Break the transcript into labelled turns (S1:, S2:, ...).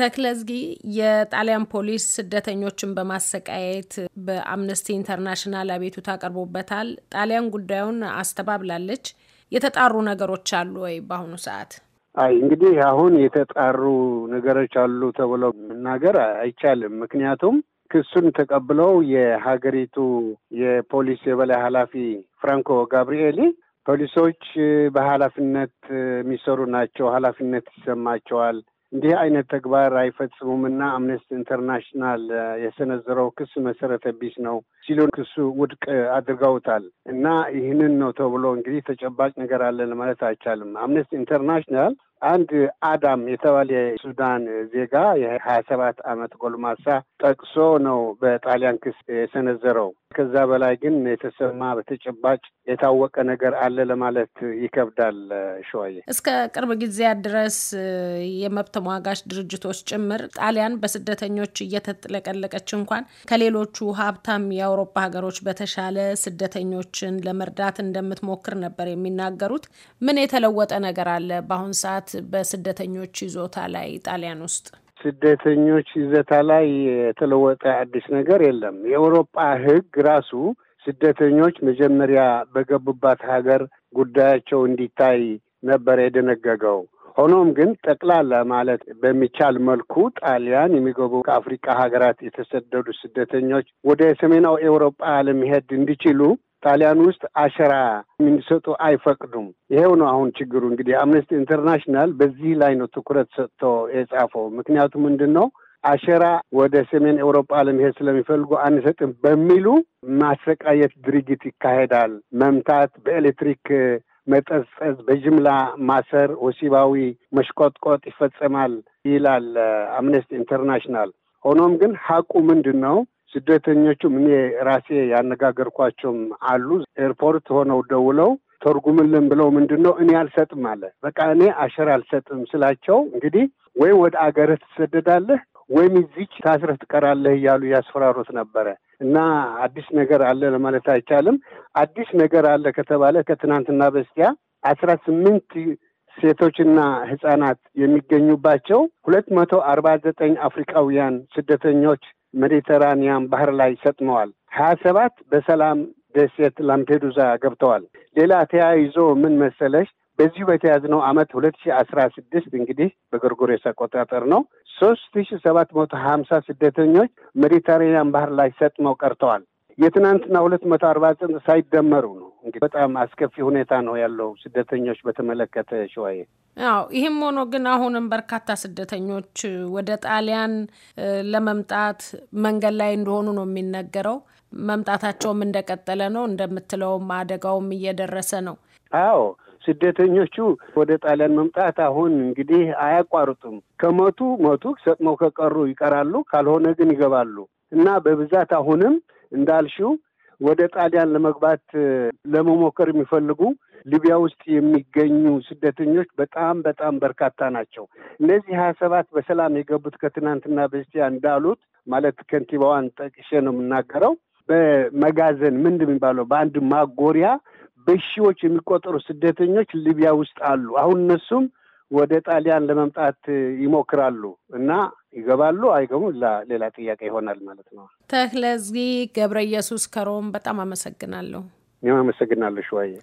S1: ተክለዝጊ የጣሊያን ፖሊስ ስደተኞችን በማሰቃየት በአምነስቲ ኢንተርናሽናል አቤቱታ አቅርቦበታል። ጣሊያን ጉዳዩን አስተባብላለች። የተጣሩ ነገሮች አሉ ወይ በአሁኑ ሰዓት?
S2: አይ እንግዲህ አሁን የተጣሩ ነገሮች አሉ ተብሎ መናገር አይቻልም። ምክንያቱም ክሱን ተቀብለው የሀገሪቱ የፖሊስ የበላይ ኃላፊ ፍራንኮ ጋብርኤሊ ፖሊሶች በኃላፊነት የሚሰሩ ናቸው፣ ኃላፊነት ይሰማቸዋል እንዲህ አይነት ተግባር አይፈጽሙም እና አምነስቲ ኢንተርናሽናል የሰነዘረው ክስ መሰረተ ቢስ ነው ሲሉ ክሱ ውድቅ አድርገውታል። እና ይህንን ነው ተብሎ እንግዲህ ተጨባጭ ነገር አለ ለማለት አይቻልም። አምነስቲ ኢንተርናሽናል አንድ አዳም የተባለ የሱዳን ዜጋ የሀያ ሰባት አመት ጎልማሳ ጠቅሶ ነው በጣሊያን ክስ የሰነዘረው። ከዛ በላይ ግን የተሰማ በተጨባጭ የታወቀ ነገር አለ ለማለት ይከብዳል። ሸዋዬ እስከ
S1: ቅርብ ጊዜያት ድረስ የመብት ተሟጋች ድርጅቶች ጭምር ጣሊያን በስደተኞች እየተጥለቀለቀች እንኳን ከሌሎቹ ሀብታም የአውሮፓ ሀገሮች በተሻለ ስደተኞችን ለመርዳት እንደምትሞክር ነበር የሚናገሩት። ምን የተለወጠ ነገር አለ በአሁን ሰዓት በስደተኞች ይዞታ ላይ ጣሊያን ውስጥ?
S2: ስደተኞች ይዘታ ላይ የተለወጠ አዲስ ነገር የለም። የአውሮጳ ሕግ ራሱ ስደተኞች መጀመሪያ በገቡባት ሀገር ጉዳያቸው እንዲታይ ነበር የደነገገው። ሆኖም ግን ጠቅላላ ማለት በሚቻል መልኩ ጣሊያን የሚገቡ ከአፍሪካ ሀገራት የተሰደዱ ስደተኞች ወደ ሰሜናዊ ኤውሮጳ ለመሄድ እንዲችሉ ጣሊያን ውስጥ አሸራ እንዲሰጡ አይፈቅዱም። ይሄው ነው አሁን ችግሩ። እንግዲህ አምነስቲ ኢንተርናሽናል በዚህ ላይ ነው ትኩረት ሰጥቶ የጻፈው። ምክንያቱ ምንድን ነው? አሸራ ወደ ሰሜን ኤውሮጳ ለመሄድ ስለሚፈልጉ አንሰጥም በሚሉ ማሰቃየት ድርጊት ይካሄዳል። መምታት፣ በኤሌክትሪክ መጠጸዝ፣ በጅምላ ማሰር፣ ወሲባዊ መሽቆጥቆጥ ይፈጸማል ይላል አምነስቲ ኢንተርናሽናል። ሆኖም ግን ሀቁ ምንድን ነው? ስደተኞቹ እኔ ራሴ ያነጋገርኳቸውም አሉ። ኤርፖርት ሆነው ደውለው ተርጉምልን ብለው ምንድን ነው እኔ አልሰጥም አለ። በቃ እኔ አሸር አልሰጥም ስላቸው እንግዲህ ወይ ወደ አገርህ ትሰደዳለህ ወይም እዚች ታስረህ ትቀራለህ እያሉ ያስፈራሩት ነበረ። እና አዲስ ነገር አለ ለማለት አይቻልም። አዲስ ነገር አለ ከተባለ ከትናንትና በስቲያ አስራ ስምንት ሴቶችና ህጻናት የሚገኙባቸው ሁለት መቶ አርባ ዘጠኝ አፍሪካውያን ስደተኞች ሜዲተራኒያን ባህር ላይ ሰጥመዋል። ሀያ ሰባት በሰላም ደሴት ላምፔዱዛ ገብተዋል። ሌላ ተያይዞ ምን መሰለሽ በዚሁ በተያዝነው ዓመት ሁለት ሺ አስራ ስድስት እንግዲህ በጎርጎሮስ አቆጣጠር ነው ሶስት ሺ ሰባት መቶ ሀምሳ ስደተኞች ሜዲተራኒያን ባህር ላይ ሰጥመው ቀርተዋል። የትናንትና ሁለት መቶ አርባ ዘጠኝ ሳይደመሩ ነው። እንግዲህ በጣም አስከፊ ሁኔታ ነው ያለው ስደተኞች በተመለከተ ሸዋዬ።
S1: አዎ ይህም ሆኖ ግን አሁንም በርካታ ስደተኞች ወደ ጣሊያን ለመምጣት መንገድ ላይ እንደሆኑ ነው የሚነገረው። መምጣታቸውም እንደቀጠለ ነው። እንደምትለውም አደጋውም እየደረሰ ነው።
S2: አዎ ስደተኞቹ ወደ ጣሊያን መምጣት አሁን እንግዲህ አያቋርጡም። ከመቱ መቱ፣ ሰጥመው ከቀሩ ይቀራሉ፣ ካልሆነ ግን ይገባሉ እና በብዛት አሁንም እንዳልሽው ወደ ጣሊያን ለመግባት ለመሞከር የሚፈልጉ ሊቢያ ውስጥ የሚገኙ ስደተኞች በጣም በጣም በርካታ ናቸው። እነዚህ ሀያ ሰባት በሰላም የገቡት ከትናንትና በስቲያ እንዳሉት ማለት ከንቲባዋን ጠቅሼ ነው የምናገረው። በመጋዘን ምንድን የሚባለው በአንድ ማጎሪያ በሺዎች የሚቆጠሩ ስደተኞች ሊቢያ ውስጥ አሉ። አሁን እነሱም ወደ ጣሊያን ለመምጣት ይሞክራሉ እና ይገባሉ አይገቡም፣ ሌላ ጥያቄ ይሆናል ማለት ነው።
S1: ተክለዚህ ገብረ ኢየሱስ ከሮም በጣም አመሰግናለሁ።
S2: እኔም አመሰግናለሁ ሸዋዬ።